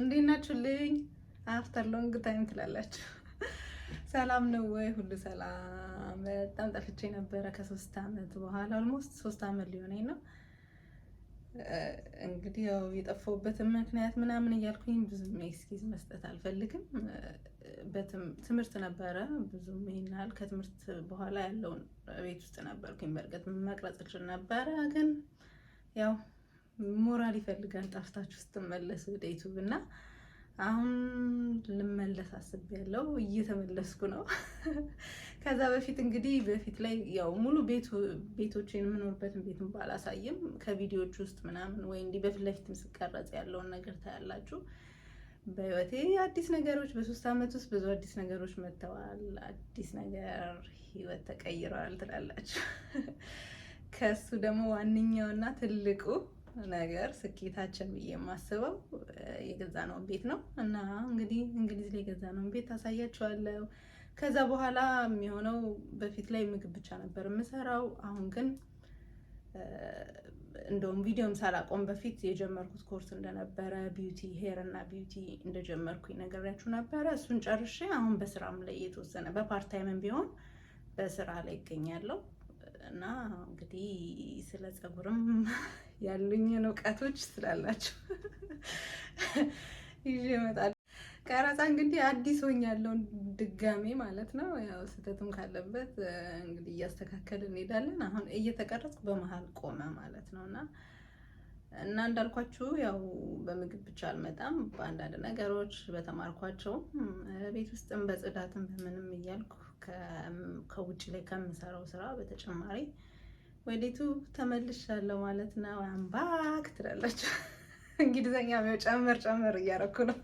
እንዴት ናችሁልኝ? አፍተር ሎንግ ታይም ትላላችሁ። ሰላም ነው ወይ? ሁሉ ሰላም። በጣም ጠፍቼ ነበረ ከሶስት አመት በኋላ ኦልሞስት ሶስት አመት ሊሆነኝ ነው። እንግዲህ ያው የጠፋሁበትን ምክንያት ምናምን እያልኩኝ ብዙም ኤክስኪዝ መስጠት አልፈልግም። ትምህርት ነበረ ብዙም ይናል። ከትምህርት በኋላ ያለውን ቤት ውስጥ ነበርኩኝ። በእርግጥ መቅረጽ እችል ነበረ ግን ያው ሞራል ይፈልጋል ጠፍታችሁ ስትመለስ ወደ ዩቱብ እና አሁን ልመለስ አስቤያለሁ። እየተመለስኩ ነው። ከዛ በፊት እንግዲህ በፊት ላይ ያው ሙሉ ቤቶችን የምኖርበትን ቤትን ባላሳይም ከቪዲዮዎች ውስጥ ምናምን ወይ እንዲህ በፊት ለፊት ስቀረጽ ያለውን ነገር ታያላችሁ። በህይወቴ አዲስ ነገሮች በሶስት አመት ውስጥ ብዙ አዲስ ነገሮች መጥተዋል። አዲስ ነገር ህይወት ተቀይረዋል ትላላችሁ። ከሱ ደግሞ ዋነኛውና ትልቁ ነገር ስኬታችን ብዬ የማስበው የገዛነውን ቤት ነው እና እንግዲህ እንግሊዝ ላይ የገዛነውን ቤት ታሳያችኋለሁ። ከዛ በኋላ የሚሆነው በፊት ላይ ምግብ ብቻ ነበር የምሰራው። አሁን ግን እንደውም ቪዲዮም ሳላቆም በፊት የጀመርኩት ኮርስ እንደነበረ ቢዩቲ ሄር እና ቢዩቲ እንደጀመርኩኝ ነገሪያችሁ ነበረ። እሱን ጨርሼ አሁን በስራም ላይ የተወሰነ በፓርት ታይምም ቢሆን በስራ ላይ ይገኛለሁ። እና እንግዲህ ስለ ፀጉርም ያሉኝን እውቀቶች ስላላቸው ይዤ እመጣለሁ። ቀረጻ እንግዲህ አዲስ ሆኛለሁ ድጋሜ ማለት ነው። ያው ስህተትም ካለበት እንግዲህ እያስተካከልን እንሄዳለን። አሁን እየተቀረጽኩ በመሀል ቆመ ማለት ነው እና እና እንዳልኳችሁ ያው በምግብ ብቻ አልመጣም። በአንዳንድ ነገሮች በተማርኳቸውም ቤት ውስጥም በጽዳትም በምንም እያልኩ ከውጭ ላይ ከምሰራው ስራ በተጨማሪ ወደ ዩቱብ ተመልሻለሁ ማለት ነው። አምባክ ትላላችሁ እንግሊዘኛ ው ጨምር ጨምር እያረኩ ነው።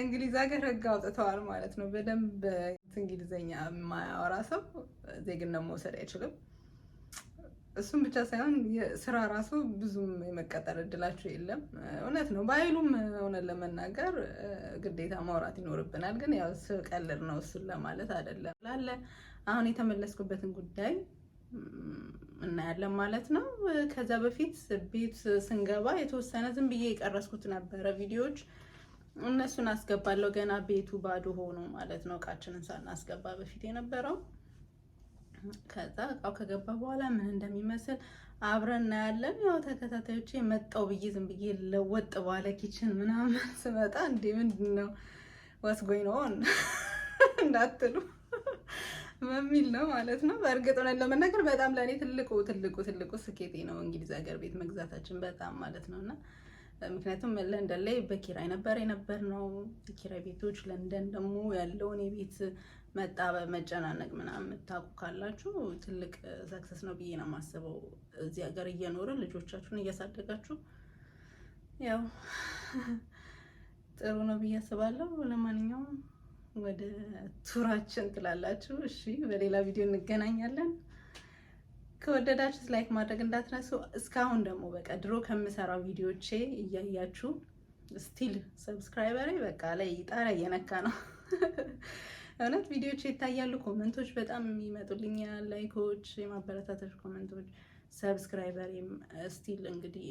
እንግሊዝ ሀገር ህግ አውጥተዋል ማለት ነው። በደንብ እንግሊዘኛ የማያወራ ሰው ዜግነት መውሰድ አይችልም። እሱም ብቻ ሳይሆን ስራ ራሱ ብዙም የመቀጠር እድላቸው የለም። እውነት ነው። በሀይሉም ሆነ ለመናገር ግዴታ ማውራት ይኖርብናል። ግን ያው ስቀልድ ነው እሱን ለማለት አይደለም። ላለ አሁን የተመለስኩበትን ጉዳይ እናያለን ማለት ነው። ከዛ በፊት ቤት ስንገባ የተወሰነ ዝም ብዬ የቀረስኩት ነበረ ቪዲዮዎች እነሱን አስገባለሁ። ገና ቤቱ ባዶ ሆኖ ማለት ነው እቃችንን ሳናስገባ በፊት የነበረው ከዛ እቃው ከገባ በኋላ ምን እንደሚመስል አብረን እናያለን። ያው ተከታታዮቼ የመጣው ብዬ ዝም ብዬ ለወጥ ባለ ኪችን ምናምን ስመጣ እንዴ ምንድን ነው ጎይን ኦን እንዳትሉ በሚል ነው ማለት ነው። በእርግጥ ነው ለመናገር በጣም ለእኔ ትልቁ ትልቁ ትልቁ ስኬቴ ነው እንግሊዝ ሀገር ቤት መግዛታችን በጣም ማለት ነው እና ምክንያቱም ለንደን ላይ በኪራይ ነበር የነበር ነው ኪራይ ቤቶች ለንደን ደግሞ ያለውን የቤት መጣበብ፣ መጨናነቅ ምናምን የምታውቁ ካላችሁ ትልቅ ሰክሰስ ነው ብዬ ነው የማስበው። እዚህ ሀገር እየኖረ ልጆቻችሁን እያሳደጋችሁ ያው ጥሩ ነው ብዬ አስባለሁ። ለማንኛውም ወደ ቱራችን ትላላችሁ። እሺ፣ በሌላ ቪዲዮ እንገናኛለን። ከወደዳችሁት ላይክ ማድረግ እንዳትረሱ። እስካሁን ደግሞ በቃ ድሮ ከምሰራው ቪዲዮቼ እያያችሁ ስቲል ሰብስክራይበሬ በቃ ላይ ጣሪያ እየነካ ነው እውነት ቪዲዮች ይታያሉ። ኮመንቶች በጣም የሚመጡልኝ ላይኮች፣ የማበረታተች ኮመንቶች፣ ሰብስክራይበርም ስቲል እንግዲህ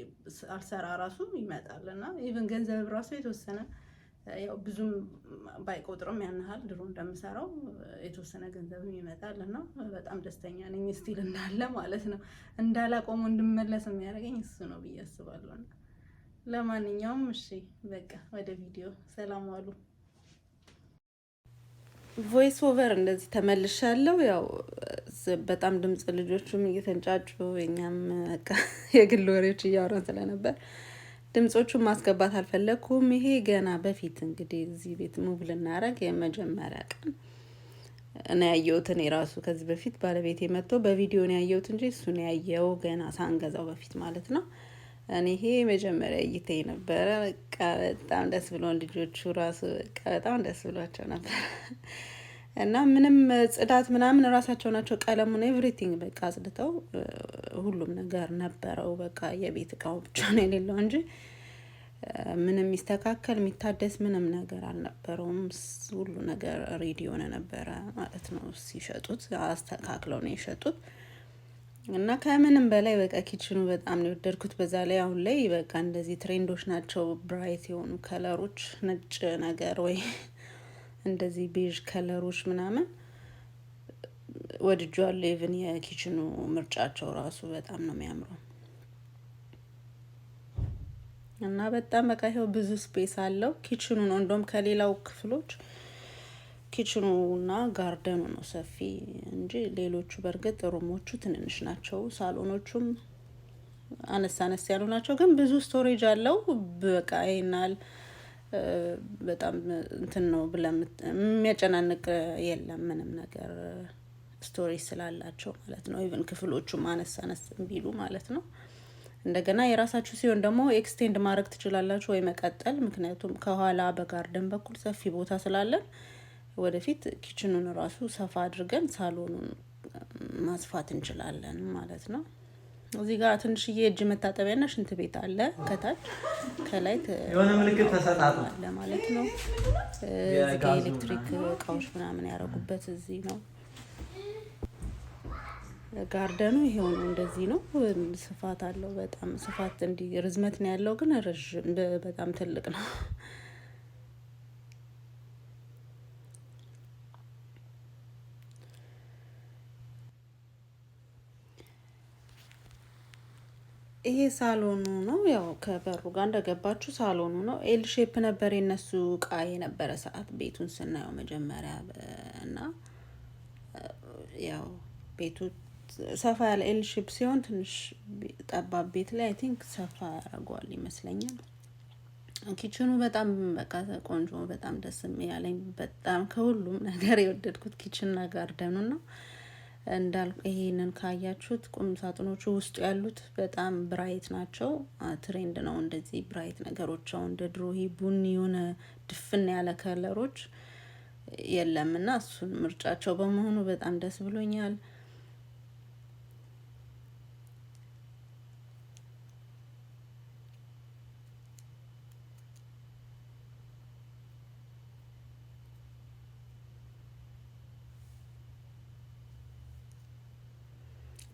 አልሰራ ራሱ ይመጣል እና ኢቨን ገንዘብ ራሱ የተወሰነ ያው ብዙም ባይቆጥርም ያንሃል ድሮ እንደምሰራው የተወሰነ ገንዘብም ይመጣል እና በጣም ደስተኛ ነኝ። ስቲል እንዳለ ማለት ነው እንዳላቆሙ እንድመለስ የሚያደርገኝ እሱ ነው ብዬ አስባለሁ። ለማንኛውም እሺ በቃ ወደ ቪዲዮ ሰላም ዋሉ። ቮይስ ኦቨር እንደዚህ ተመልሻለሁ። ያው በጣም ድምፅ ልጆቹም እየተንጫጩ እኛም በቃ የግል ወሬዎች እያወራን ስለነበር ድምፆቹን ማስገባት አልፈለግኩም። ይሄ ገና በፊት እንግዲህ እዚህ ቤት ሙቭ ልናረግ የመጀመሪያ ቀን እና ያየሁትን የራሱ ከዚህ በፊት ባለቤቴ መጥቶ በቪዲዮ ነው ያየሁት እንጂ እሱን ያየው ገና ሳንገዛው በፊት ማለት ነው። እኔ ይሄ መጀመሪያ እይታዬ ነበረ። በቃ በጣም ደስ ብሎን ልጆቹ ራሱ በቃ በጣም ደስ ብሏቸው ነበር እና ምንም ጽዳት ምናምን ራሳቸው ናቸው ቀለሙን ኤቭሪቲንግ በቃ አጽድተው ሁሉም ነገር ነበረው። በቃ የቤት እቃው ብቻ ነው የሌለው እንጂ ምንም የሚስተካከል የሚታደስ ምንም ነገር አልነበረውም። ሁሉ ነገር ሬዲ የሆነ ነበረ ማለት ነው። ሲሸጡት አስተካክለው ነው የሸጡት። እና ከምንም በላይ በቃ ኪችኑ በጣም ነው የወደድኩት። በዛ ላይ አሁን ላይ በቃ እንደዚህ ትሬንዶች ናቸው ብራይት የሆኑ ከለሮች፣ ነጭ ነገር ወይ እንደዚህ ቤዥ ከለሮች ምናምን ወድጃለሁ። ኢቭን የኪችኑ ምርጫቸው ራሱ በጣም ነው የሚያምረው እና በጣም በቃ ይኸው ብዙ ስፔስ አለው ኪችኑ ነው እንደውም ከሌላው ክፍሎች ኪችኑ እና ጋርደኑ ነው ሰፊ እንጂ ሌሎቹ በእርግጥ ሩሞቹ ትንንሽ ናቸው። ሳሎኖቹም አነስ አነስ ያሉ ናቸው፣ ግን ብዙ ስቶሬጅ አለው። በቃ ይናል በጣም እንትን ነው ብለን የሚያጨናንቅ የለም ምንም ነገር ስቶሬጅ ስላላቸው ማለት ነው። ኢቨን ክፍሎቹም አነስ አነስ ቢሉ ማለት ነው። እንደገና የራሳችሁ ሲሆን ደግሞ ኤክስቴንድ ማድረግ ትችላላችሁ ወይ መቀጠል። ምክንያቱም ከኋላ በጋርደን በኩል ሰፊ ቦታ ስላለን ወደፊት ኪችኑን ራሱ ሰፋ አድርገን ሳሎኑን ማስፋት እንችላለን ማለት ነው። እዚህ ጋር ትንሽዬ እጅ መታጠቢያና ሽንት ቤት አለ። ከታች ከላይ ተሰጣለ ማለት ነው። እዚህ ጋ ኤሌክትሪክ እቃዎች ምናምን ያደረጉበት እዚህ ነው። ጋርደኑ ይሄው ነው። እንደዚህ ነው። ስፋት አለው። በጣም ስፋት እንዲህ ርዝመት ነው ያለው፣ ግን ረዥም በጣም ትልቅ ነው። ይሄ ሳሎኑ ነው። ያው ከበሩ ጋር እንደገባችሁ ሳሎኑ ነው። ኤል ሼፕ ነበር የነሱ እቃ የነበረ ሰዓት ቤቱን ስናየው መጀመሪያ እና ያው ቤቱ ሰፋ ያለ ኤል ሼፕ ሲሆን ትንሽ ጠባብ ቤት ላይ አይ ቲንክ ሰፋ ያደርገዋል ይመስለኛል። ኪችኑ በጣም በቃ ቆንጆ፣ በጣም ደስ ያለኝ በጣም ከሁሉም ነገር የወደድኩት ኪችን ጋርደኑ ነው። እንዳልኩ ይሄንን ካያችሁት ቁም ሳጥኖቹ ውስጡ ያሉት በጣም ብራይት ናቸው። ትሬንድ ነው እንደዚህ ብራይት ነገሮች። አሁን እንደ ድሮ ይሄ ቡኒ የሆነ ድፍን ያለ ከለሮች የለምና እሱን ምርጫቸው በመሆኑ በጣም ደስ ብሎኛል።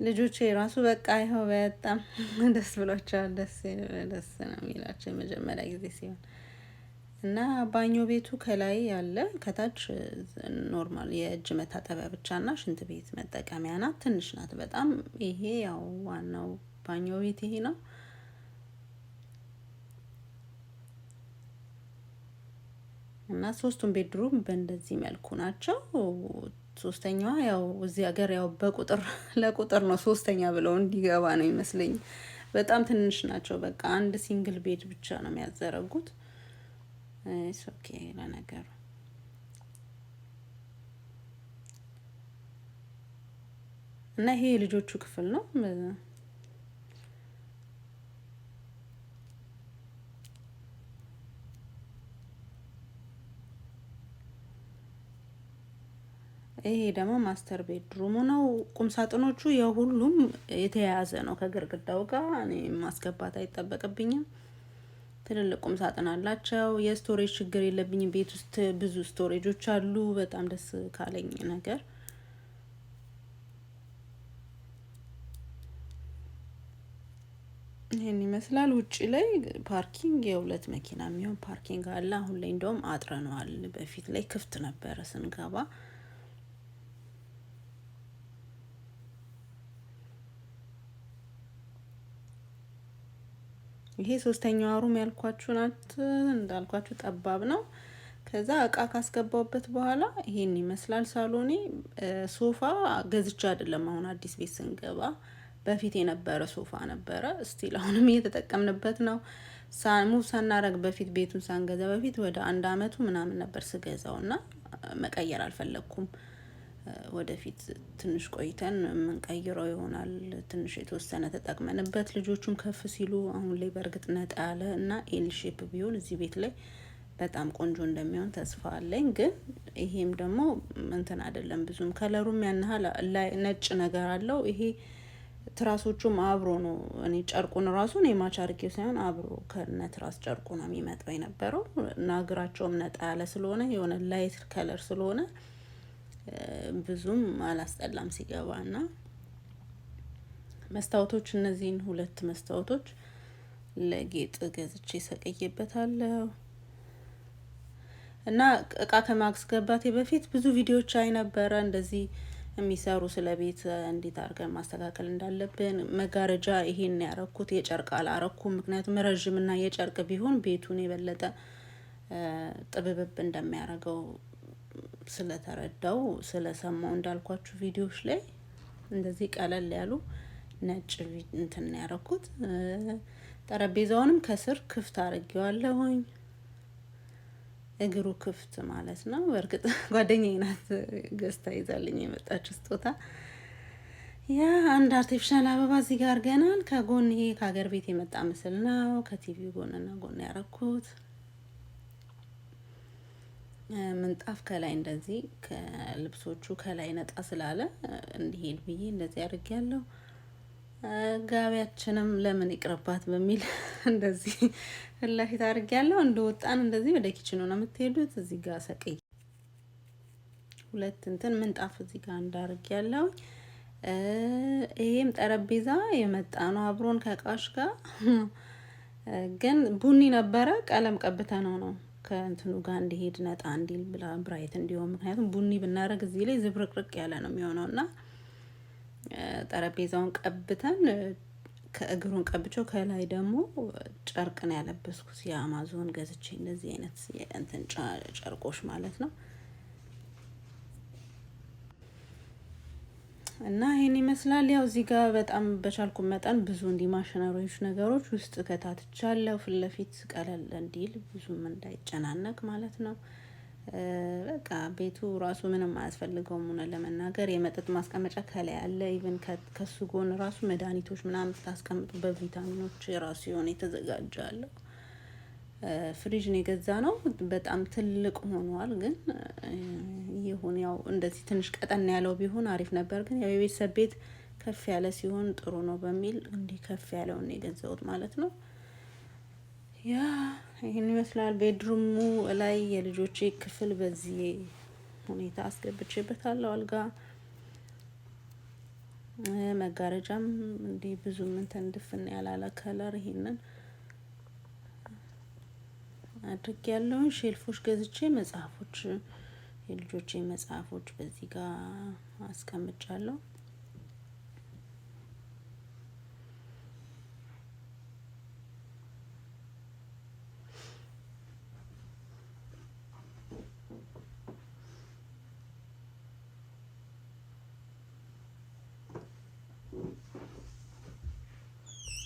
ልጆች የራሱ በቃ ይኸው በጣም ደስ ብሏቸዋል። ደስ ደስ ነው የሚላቸው የመጀመሪያ ጊዜ ሲሆን እና ባኞ ቤቱ ከላይ ያለ ከታች ኖርማል የእጅ መታጠቢያ ብቻ ሽንት ቤት መጠቀሚያ ናት። ትንሽ ናት በጣም። ይሄ ያው ዋናው ባኞ ቤት ይሄ ነው። እና ሶስቱን ቤድሩም በእንደዚህ መልኩ ናቸው። ሶስተኛዋ ያው እዚህ ሀገር ያው በቁጥር ለቁጥር ነው ሶስተኛ ብለው እንዲገባ ነው ይመስለኝ። በጣም ትንሽ ናቸው። በቃ አንድ ሲንግል ቤድ ብቻ ነው የሚያዘረጉት። ኦኬ ለነገሩ እና ይሄ የልጆቹ ክፍል ነው። ይሄ ደግሞ ማስተር ቤድሩሙ ነው። ቁምሳጥኖቹ የሁሉም የተያያዘ ነው ከግርግዳው ጋር። እኔ ማስገባት አይጠበቅብኝም። ትልልቅ ቁምሳጥን አላቸው። የስቶሬጅ ችግር የለብኝም። ቤት ውስጥ ብዙ ስቶሬጆች አሉ። በጣም ደስ ካለኝ ነገር ይህን ይመስላል። ውጭ ላይ ፓርኪንግ የሁለት መኪና የሚሆን ፓርኪንግ አለ። አሁን ላይ እንደውም አጥረነዋል። በፊት ላይ ክፍት ነበረ ስንገባ ይሄ ሶስተኛዋ ሩም ያልኳችሁ ናት። እንዳልኳችሁ ጠባብ ነው። ከዛ እቃ ካስገባውበት በኋላ ይሄን ይመስላል ሳሎኔ። ሶፋ ገዝቻ አይደለም አሁን አዲስ ቤት ስንገባ፣ በፊት የነበረ ሶፋ ነበረ። እስቲል አሁንም እየተጠቀምንበት ነው። ሙቭ ሳናረግ በፊት ቤቱን ሳንገዛ በፊት ወደ አንድ አመቱ ምናምን ነበር ስገዛው እና መቀየር አልፈለግኩም። ወደፊት ትንሽ ቆይተን የምንቀይረው ይሆናል። ትንሽ የተወሰነ ተጠቅመንበት ልጆቹም ከፍ ሲሉ አሁን ላይ በእርግጥ ነጣ ያለ እና ኤልሼፕ ቢሆን እዚህ ቤት ላይ በጣም ቆንጆ እንደሚሆን ተስፋ አለኝ። ግን ይሄም ደግሞ እንትን አይደለም ብዙም ከለሩም ያን ነጭ ነገር አለው። ይሄ ትራሶቹም አብሮ ነው። እኔ ጨርቁን ራሱ እኔ ማች ሳይሆን አብሮ ከነ ትራስ ጨርቁ ነው የሚመጣው የነበረው እና እግራቸውም ነጣ ያለ ስለሆነ የሆነ ላይት ከለር ስለሆነ ብዙም አላስጠላም ሲገባ እና መስታወቶች እነዚህን ሁለት መስታወቶች ለጌጥ ገዝቼ ሰቅዬበታለሁ። እና እቃ ከማስገባቴ በፊት ብዙ ቪዲዮዎች አይ ነበረ እንደዚህ የሚሰሩ ስለ ቤት እንዴት አድርገን ማስተካከል እንዳለብን። መጋረጃ ይሄን ያረኩት የጨርቅ አላረኩም፣ ምክንያቱም ረዥምና የጨርቅ ቢሆን ቤቱን የበለጠ ጥብብብ እንደሚያደርገው ስለተረዳው ስለሰማው እንዳልኳችሁ ቪዲዮዎች ላይ እንደዚህ ቀለል ያሉ ነጭ እንትን ያረኩት። ጠረጴዛውንም ከስር ክፍት አድርጌዋለሁኝ። እግሩ ክፍት ማለት ነው። በእርግጥ ጓደኛ ናት ገዝታ ይዛልኝ የመጣችው ስጦታ። ያ አንድ አርቲፊሻል አበባ እዚህ ጋር አድርገናል። ከጎን ይሄ ከሀገር ቤት የመጣ ምስል ነው። ከቲቪ ጎንና ጎን ያረኩት ምንጣፍ ከላይ እንደዚህ ከልብሶቹ ከላይ ነጣ ስላለ እንዲሄድ ብዬ እንደዚህ አድርጌ ያለው ጋቢያችንም ለምን ይቅርባት በሚል እንደዚህ አድርጌ ያለው እንደ ወጣን እንደዚህ ወደ ኪችኑ ነው የምትሄዱት። እዚህ ጋር ሰቅይ ሁለት እንትን ምንጣፍ እዚህ ጋር እንዳድርጌ እንዳርጌያለሁ። ይሄም ጠረጴዛ የመጣ ነው አብሮን ከቃሽ ጋር ግን ቡኒ ነበረ። ቀለም ቀብተ ነው ነው ከእንትኑ ጋር እንዲሄድ ነጣ እንዲል ብላ ብራይት እንዲሆን። ምክንያቱም ቡኒ ብናደረግ እዚህ ላይ ዝብርቅርቅ ያለ ነው የሚሆነው እና ጠረጴዛውን ቀብተን ከእግሩን ቀብቸው ከላይ ደግሞ ጨርቅ ነው ያለበስኩት። የአማዞን ገዝቼ እንደዚህ አይነት እንትን ጨርቆች ማለት ነው። እና ይሄን ይመስላል። ያው እዚህ ጋር በጣም በቻልኩ መጠን ብዙ እንዲ ማሽነሪዎች ነገሮች ውስጥ ከታትቻለሁ፣ ፊት ለፊት ቀለል እንዲል ብዙም እንዳይጨናነቅ ማለት ነው። በቃ ቤቱ ራሱ ምንም አያስፈልገውም። ሆነ ለመናገር የመጠጥ ማስቀመጫ ከላይ አለ። ኢቨን ከሱ ጎን ራሱ መድኃኒቶች ምናምን ታስቀምጡ በቪታሚኖች ራሱ የሆነ የተዘጋጀ አለው። ፍሪጅ ነው የገዛ ነው። በጣም ትልቅ ሆኗል ግን ይሁን ያው እንደዚህ ትንሽ ቀጠን ያለው ቢሆን አሪፍ ነበር፣ ግን ያው የቤተሰብ ቤት ከፍ ያለ ሲሆን ጥሩ ነው በሚል እንዲህ ከፍ ያለውን የገዛሁት ማለት ነው። ያ ይህን ይመስላል። ቤድሩሙ ላይ የልጆቼ ክፍል በዚህ ሁኔታ አስገብቼበታለሁ። አልጋ መጋረጃም እንዲህ ብዙ ምንተን ድፍን ያላለ ከለር ይሄንን አድርግ ያለውን ሼልፎች ገዝቼ መጽሐፎች የልጆች መጽሐፎች በዚህ ጋር አስቀምጫለሁ።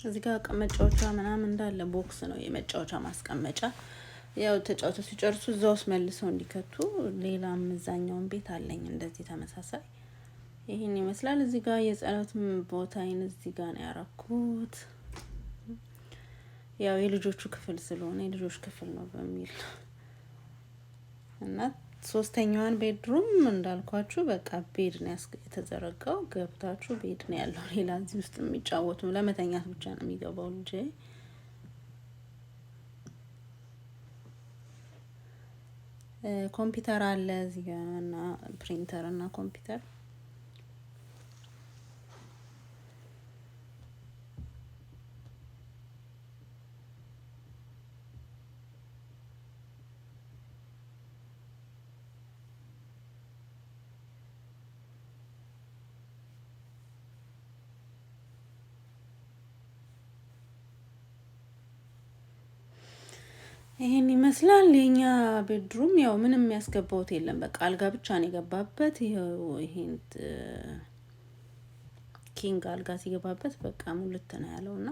እዚህ ጋር መጫወቻ ምናምን እንዳለ ቦክስ ነው የመጫወቻ ማስቀመጫ ያው ተጫውተው ሲጨርሱ እዛ ውስጥ መልሰው እንዲከቱ ሌላም እዛኛውን ቤት አለኝ እንደዚህ ተመሳሳይ ይህን ይመስላል። እዚህ ጋር የጸሎት ቦታዬን እዚህ ጋር ነው ያረኩት። ያው የልጆቹ ክፍል ስለሆነ የልጆች ክፍል ነው በሚል እና ሶስተኛዋን ቤድሩም እንዳልኳችሁ በቃ ቤድ ነው የተዘረጋው። ገብታችሁ ቤድ ነው ያለው። ሌላ እዚህ ውስጥ የሚጫወቱ ለመተኛት ብቻ ነው የሚገባው ልጄ ኮምፒውተር አለ እዚህ ጋር እና ፕሪንተር እና ኮምፒውተር ይህን ይመስላል የኛ ቤድሩም። ያው ምንም የሚያስገባውት የለም፣ በቃ አልጋ ብቻ ነው የገባበት። ይሄን ኪንግ አልጋ ሲገባበት በቃ ሙልት ነው ያለው እና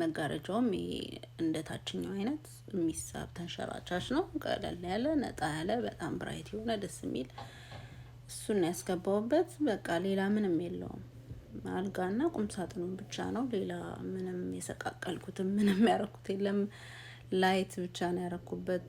መጋረጃውም ይሄ እንደ ታችኛው አይነት የሚሳብ ተንሸራቻች ነው። ቀለል ያለ ነጣ ያለ በጣም ብራይት የሆነ ደስ የሚል እሱን ያስገባውበት። በቃ ሌላ ምንም የለውም። አልጋና ቁምሳጥኑን ብቻ ነው። ሌላ ምንም የሰቃቀልኩትም ምንም ያረኩት የለም። ላይት ብቻ ነው ያረኩበት።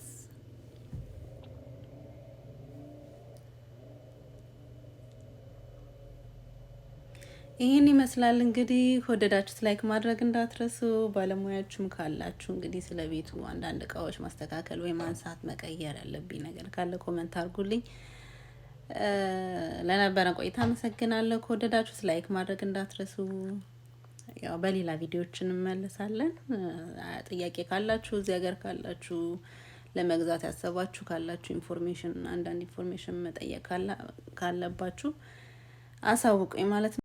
ይህን ይመስላል እንግዲህ። ወደዳችሁት ላይክ ማድረግ እንዳትረሱ። ባለሙያችሁም ካላችሁ እንግዲህ ስለ ቤቱ አንዳንድ እቃዎች ማስተካከል ወይም ማንሳት፣ መቀየር ያለብኝ ነገር ካለ ኮመንት አድርጉልኝ። ለነበረን ቆይታ አመሰግናለሁ። ከወደዳችሁት ላይክ ማድረግ እንዳትረሱ። ያው በሌላ ቪዲዮዎች እንመለሳለን። ጥያቄ ካላችሁ እዚህ ሀገር ካላችሁ ለመግዛት ያሰባችሁ ካላችሁ ኢንፎርሜሽን አንዳንድ ኢንፎርሜሽን መጠየቅ ካለባችሁ አሳውቁኝ ማለት ነው።